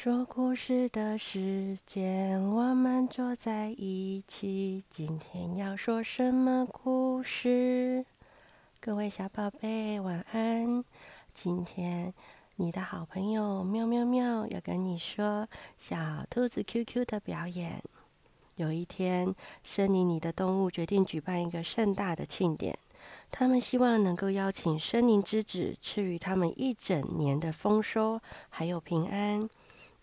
說故事的時間，我們坐在一起。今天要說什麼故事？各位小寶貝，晚安。今天你的好朋友妙妙妙要跟你說小兔子 QQ 的表演。有一天，森林裡的動物決定舉辦一個盛大的慶典，他們希望能夠邀請森林之子賜予他們一整年的豐收還有平安。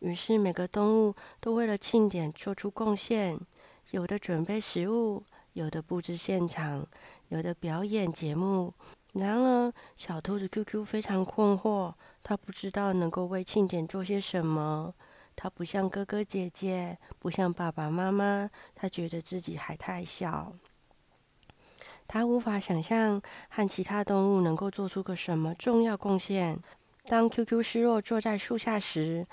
於是每個動物都為了慶典做出貢獻，有的準備食物，有的布置現場，有的表演節目。然而，小兔子 QQ 非常困惑，它不知道能夠為慶典做些什麼。它不像哥哥姐姐，不像爸爸媽媽，它覺得自己還太小。它無法想象和其他動物能夠做出個什麼重要貢獻。當 QQ 失落坐在樹下時，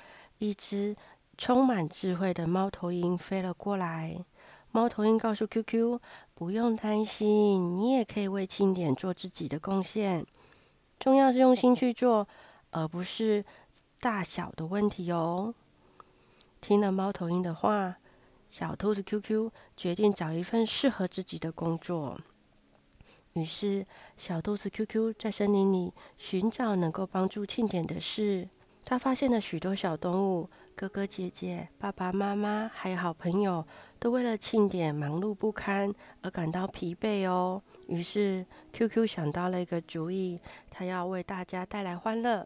一隻充滿智慧的貓頭鷹飛了過來。貓頭鷹告訴 QQ：“ 不用擔心，你也可以為慶典做自己的貢獻。重要是用心去做，而不是大小的問題哦。”聽了貓頭鷹的話，小兔子 QQ 決定找一份適合自己的工作。於是，小兔子 QQ 在森林裡尋找能夠幫助慶典的事。他發現了許多小動物，哥哥姐姐、爸爸媽媽還有好朋友，都為了慶典忙碌不堪而感到疲憊哦。於是，QQ 想到了一個主意，他要為大家帶來歡樂。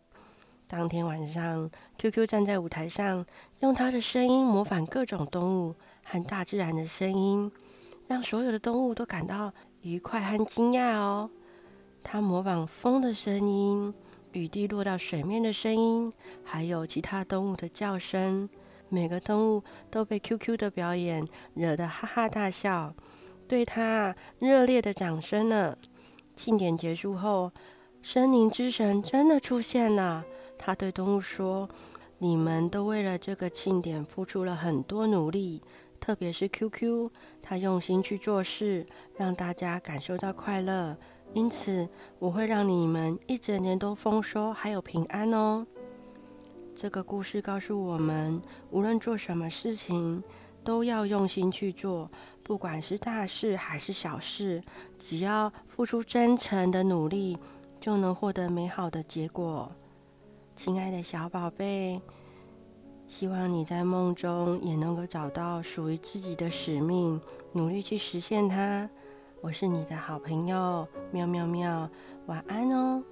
當天晚上，QQ 站在舞台上，用他的聲音模仿各種動物和大自然的聲音，讓所有的動物都感到愉快和驚訝哦。他模仿風的聲音。雨滴落到水面的聲音，還有其他動物的叫聲，每個動物都被 QQ 的表演惹得哈哈大笑，對他熱烈的掌聲呢。慶典結束後，森林之神真的出現了，他對動物說：“你們都為了這個慶典付出了很多努力，特別是 QQ，他用心去做事，讓大家感受到快樂。”因此，我會讓你們一整年都豐收，還有平安哦。這個故事告訴我們，無論做什麼事情，都要用心去做，不管是大事還是小事，只要付出真誠的努力，就能獲得美好的結果。親愛的小寶貝，希望你在夢中也能夠找到屬於自己的使命，努力去實現它。我是你的好朋友妙妙妙，晚安哦。